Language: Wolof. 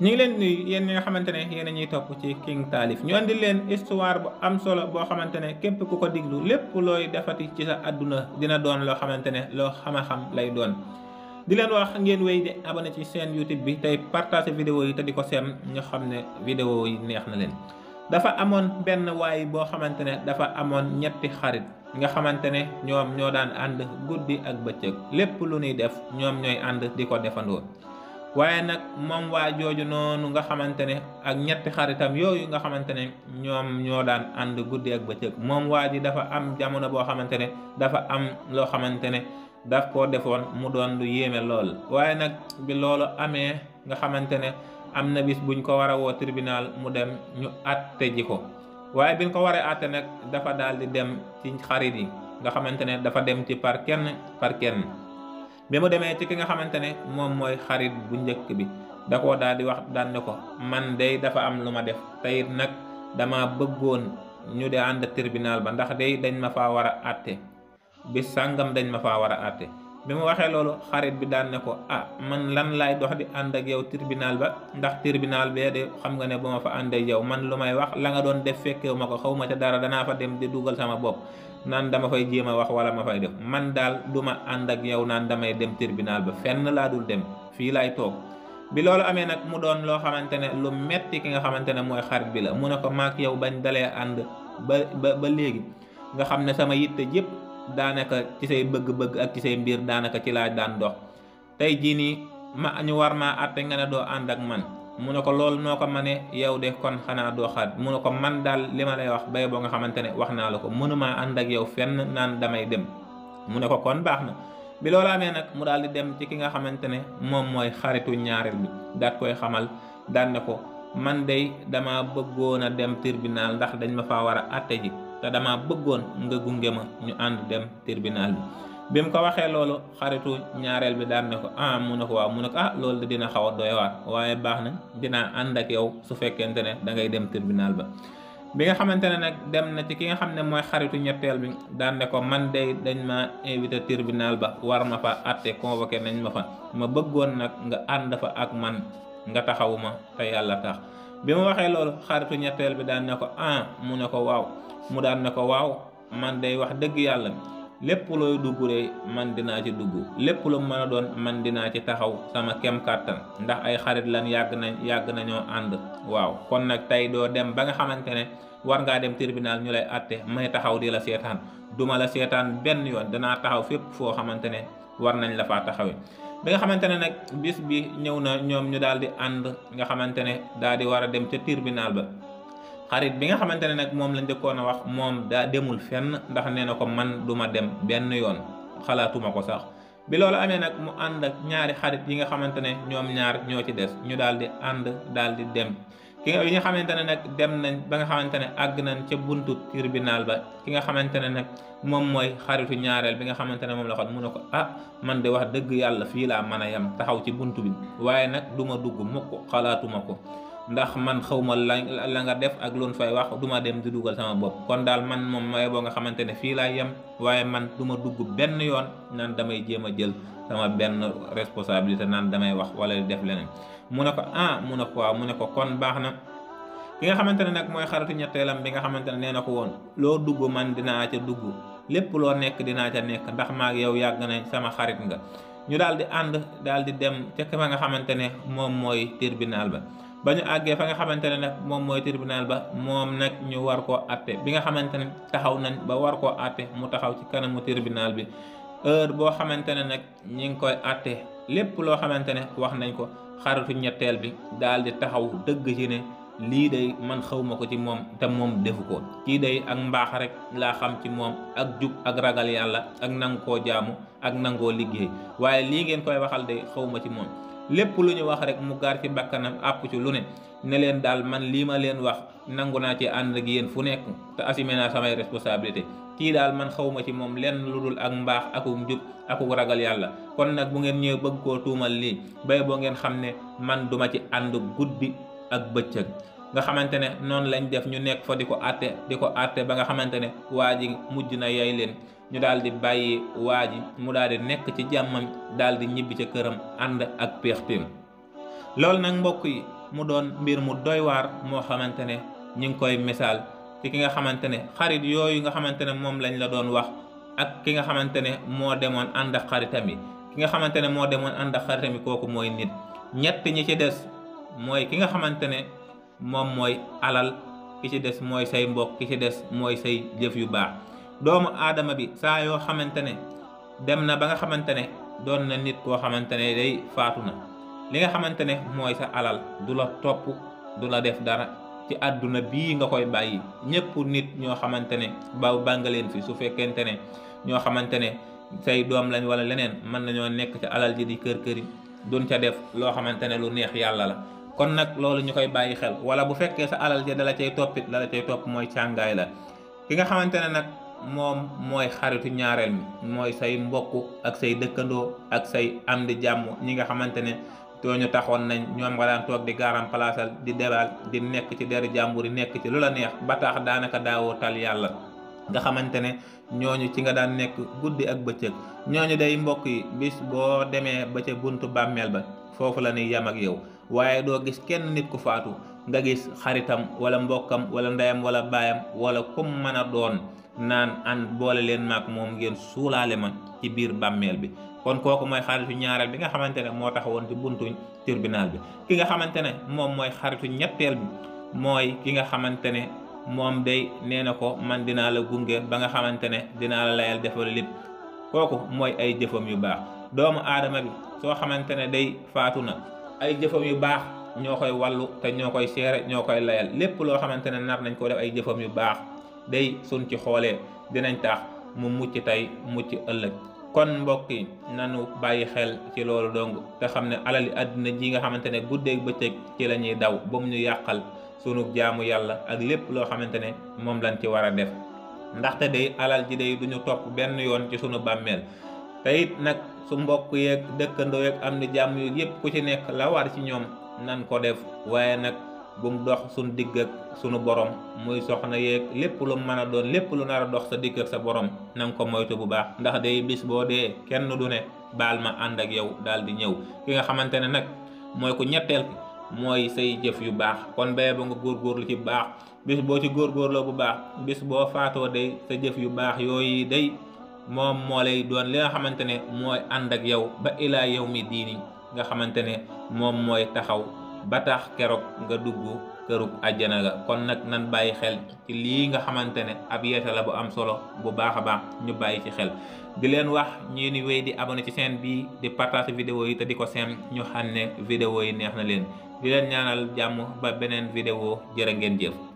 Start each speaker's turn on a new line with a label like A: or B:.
A: ñu ngi leen nuyu yéen ñi nga xamante ne yéen a ñuy topp ci King Taalif ñu andi leen histoire bu am solo boo xamante ne képp ku ko diglu lépp looy defati ci sa àdduna dina doon loo xamante ne loo xam-xam lay doon. di leen wax ngeen wéy di abonné ci seen YouTube bi tey partagé vidéo yi te di ko seen ñoo xam ne vidéo yi neex na leen. dafa amoon benn waay boo xamante ne dafa amoon ñetti xarit nga xamante ne ñoom ñoo daan ànd guddi ak bëccëg lépp lu ñuy def ñoom ñooy ànd di ko defandoo. waaye nag moom waa jooju noonu nga xamante ne ak ñetti xaritam yooyu nga xamante ne ñoom ñoo daan ànd guddi ak bëccëg moom waa ji dafa am jamono boo xamante ne dafa am loo xamante ne daf koo defoon mu doon lu yéeme lool waaye nag bi loolu amee nga xamante ne am na bis buñ ko war a woo tribunal mu dem ñu àtte ji ko waaye biñ ko waree àtte nag dafa daal di dem ci xarit yi nga xamante ne dafa dem ci par kenn par kenn bi mu demee ci ki nga xamante ne moom mooy xarit bu njëkk bi da koo daal di wax daan ne ko man day dafa am lu ma def teyit nag dama bëggoon ñu di ànd tribunal ba ndax day dañ ma faa war a àtte bi sàngam ma faa war a àtte bi mu waxee loolu xarit bi daan ne ko ah man lan laay dox di ànd ak yow tribunal ba ndax tribunal bee de xam nga ne bu ma fa ànd ak yow man lu may wax la nga doon def fekkewu ma ko xaw ma ca dara danaa fa dem di dugal sama bopp naan dama fay jéem a wax wala ma fay def man daal du ma ànd ak yow naan damay dem tribunal ba fenn laa dul dem fii laay toog bi loolu amee nag mu doon loo xamante ne lu metti ki nga xamante ne mooy xarit bi la mu ne ko maak yow bañ dalee ànd ba ba léegi nga xam ne sama yitte yëpp daanaka ci say bëgg-bëgg ak ci say mbir daanaka ci laa daan dox tey jii nii ma ñu war maa àtte nga ne doo ànd ak man mu ne ko loolu noo ko ma ne yow de kon xanaa doo xaat mu ne ko man daal li ma lay wax bay boo nga xamante ne wax naa la ko mënumaa ànd ak yow fenn naan damay dem mu ne ko kon baax na bi loolu amee nag mu daal di dem ci ki nga xamante ne moom mooy xaritu ñaareel bi daat koy xamal daan ne ko man dey dama bëggoon a dem tribunal ndax dañ ma fa war a àtte ji te dama bëggoon nga gunge ma ñu ànd dem tribunal bi bi mu ko waxee loolu xaritu ñaareel bi daan ne ko ah mu ne ko waaw mu ah, loolu de dina xaw a doy waaye baax na dinaa ànd ak yow su fekkente ne da ngay dem tribunal ba bi nga xamante ne nag dem na ci ki nga xam ne mooy xaritu ñetteel bi daan ne ko man day dañ ma invité tribunal ba war ma fa àtte convoqué nañ ma fa ma bëggoon nag nga ànd ak man nga taxawu ma te yàlla tax bi mu waxee ñetteel bi daan ne ko ah mu ne ko waaw mu daan ne ko waaw man day wax dëgg yàlla lépp looy dugg de man dinaa ci dugg lépp lu mën a doon man dinaa ci taxaw sama kem kàttan ndax ay xarit lan yàgg nañ yàgg nañoo ànd waaw kon nag tey doo dem ba nga xamante ne war ngaa dem tribunal ñu lay àtte may taxaw di la seetaan duma la seetaan benn yoon danaa taxaw fépp foo xamante ne war nañ la fa taxawee. bi nga xamante ne nag bis bi ñëw na ñoom ñu daal di ànd nga xamante ne daal di war a dem ca tribunal ba. xarit bi nga xamante ne nag moom lañ njëkkoon a wax moom daa demul fenn ndax nee na ko man duma dem benn yoon xalaatuma ko sax bi loolu amee nag mu ànd ak ñaari xarit yi nga xamante ne ñoom ñaar ñoo ci des ñu daal di ànd daal di dem ki nga yi xamante ne nag dem nañ ba nga xamante ne àgg nañ ca buntu tribunal ba ki nga xamante ne nag moom mooy xaritu ñaareel bi nga xamante ne moom la xon mu ne ko ah man de wax dëgg yàlla fii laa mën a yem taxaw ci buntu bi waaye nag du dugg mukk xalaatuma ko ndax man xawma la la nga def ak loon fay wax duma dem di dugal sama bopp kon daal man moom may boo nga xamante ne fii yem waaye man du ma benn yoon naan damay jéem a jël sama benn responsabilité naan damay wax wala def leneen mu ne ko ah mu ne ko mu ne ko kon baax na ki nga xamante ne nag mooy xaritu ñetteelam bi nga xamante ne nee na ko woon loo dugg man dinaa ca dugg lépp loo nekk dinaa ca nekk ndax maag yow yàgg nañ sama xarit nga ñu daal di ànd daal di dem ca ka nga xamante ne moom mooy tribunal ba ba ñu àggee fa nga xamante ne nag moom mooy tribunal ba moom nag ñu war koo àtte bi nga xamante ne taxaw nañ ba war koo àtte mu taxaw ci kanamu tribunal bi heure boo xamante ne nag ñu ngi koy àtte lépp loo xamante ne wax nañ ko xaritu ñetteel bi daal di taxaw dëgg ci ne lii day man xawma ko ci moom te moom defu ko kii day ak mbaax rek laa xam ci moom ak jub ak ragal yàlla ak nangu koo jaamu ak nangoo liggéey waaye lii ngeen koy waxal day xawma ci moom lépp lu ñu wax rek mu gaar ci bakkanam àpp ci lu ne ne leen daal man lii ma leen wax nangu naa ci ànd ak yéen fu nekk te assumé naa samay responsabilité kii daal man xawma ci moom lenn lu dul ak mbaax akum njub aku ragal yàlla kon nag bu ngeen ñëw bëgg koo tuumal lii bay boo ngeen xam ne man duma ci ànd guddi ak bëccëg nga xamante ne noonu lañ def ñu nekk fa di ko àtte di ko àtte ba nga xamante ne waa ji mujj na yey leen ñu daal di bàyyi waa ji mu daal di nekk ci jàmmam daal di ñibbi ca këram ànd ak péextéem loolu nag mbokk yi mu doon mbir mu doy waar moo xamante ne ñu ngi koy misaal ci ki nga xamante ne xarit yooyu nga xamante ne moom lañ la doon wax ak ki nga xamante ne moo demoon ànd ak xaritam yi ki nga xamante ne moo demoon ànd ak xaritam yi kooku mooy nit ñett ñi ci des mooy xamante ne moom mooy alal ki ci des mooy say mbokk ki ci des mooy say jëf yu baax doomu aadama bi saa yoo xamante ne dem na ba nga xamante ne doon na nit koo xamante ne day faatu na li nga xamante ne mooy sa alal du la topp du la def dara ci àdduna bii nga koy bàyyi ñépp nit ñoo xamante ne ba bàngaleen fi su fekkente ne ñoo xamante ne say doom lañ wala leneen mën nañoo nekk ca alal ji di kër këri duñ ca def loo xamante ne lu neex yàlla la kon nag loolu ñu koy bàyyi xel wala bu fekkee sa alal ja dala cay toppit dala cay topp mooy càngaay la ki nga xamante ne nag moom mooy xaritu ñaareel mi mooy say mbokk ak say dëkkandoo ak say am di jàmm ñi nga xamante ne ñu taxoon nañ ñoom nga daan toog di gaaram palaasal di debal di nekk ci der jàmbur yi nekk ci lu la neex ba tax daanaka daawoo tal yàlla nga xamante ne ñooñu ci nga daan nekk guddi ak bëccëg ñooñu day mbokk yi bis boo demee ba ca buntu bàmmeel ba foofu la ñuy yam ak yow waaye doo gis kenn nit ku faatu nga gis xaritam wala mbokkam wala ndeyam wala baayam wala kum mën a doon naan ànd boole leen maak moom ngeen suulaale ma ci biir bàmmeel bi kon kooku mooy xaritu ñaareel bi nga xamante ne moo taxawoon ci buntu tribunal bi ki nga xamante ne moom mooy xaritu ñetteel bi mooy ki nga xamante ne moom day nee na ko man dinaa la gunge ba nga xamante ne dina la layal defal lépp kooku mooy ay jëfam yu baax doomu aadama bi soo xamante ne day faatu na ay jëfam yu baax ñoo koy wallu te ñoo koy seere ñoo koy layal lépp loo xamante ne nar nañ ko def ay jëfam yu baax day suñ ci xoolee dinañ tax mu mucc tey mucc ëllëg kon mbokk yi nanu bàyyi xel ci loolu dong te xam ne yi àddina ji nga xamante ne guddeeg bëccëg ci la ñuy daw ba mu ñu yàqal sunu jaamu yàlla ak lépp loo xamante ne moom lañ ci war a def ndaxte day alal ji day ñu topp benn yoon ci sunu bàmmeel te nag su mbokk yeeg dëkkandoo yeeg am ni jàmm yeeg yépp ku ci nekk lawar war ci ñoom nan ko def waaye nag bum dox suñu digg ak sunu borom muy soxna yeeg lépp lu mën a doon lépp lu nar a dox sa digg ak sa boroom nanga ko moytu bu baax ndax day bis boo dee kenn du ne baal ma ànd ak yow daal di ñëw ki nga xamante ne nag mooy ko ñetteel mooy say jëf yu baax kon béye ba nga góorgóorlu ci baax bis boo ci góorgóorloo bu baax bis boo faatoo day sa jëf yu baax yooyu day moom moo lay doon li nga xamante ne mooy ànd ak yow ba ilaa yow mi diini nga xamante ne moom mooy taxaw ba tax keroog nga dugg kërug àjjana la kon nag nan bàyyi xel ci lii nga xamante ne ab yeete la bu am solo bu baax a baax ñu bàyyi ci xel di leen wax ñu ni wéy di abonné ci chaîne bi di partage vidéo yi te di ko seen ñu xam ne video yi neex na leen di leen ñaanal jàmm ba beneen vidéo jërë ngeen jëf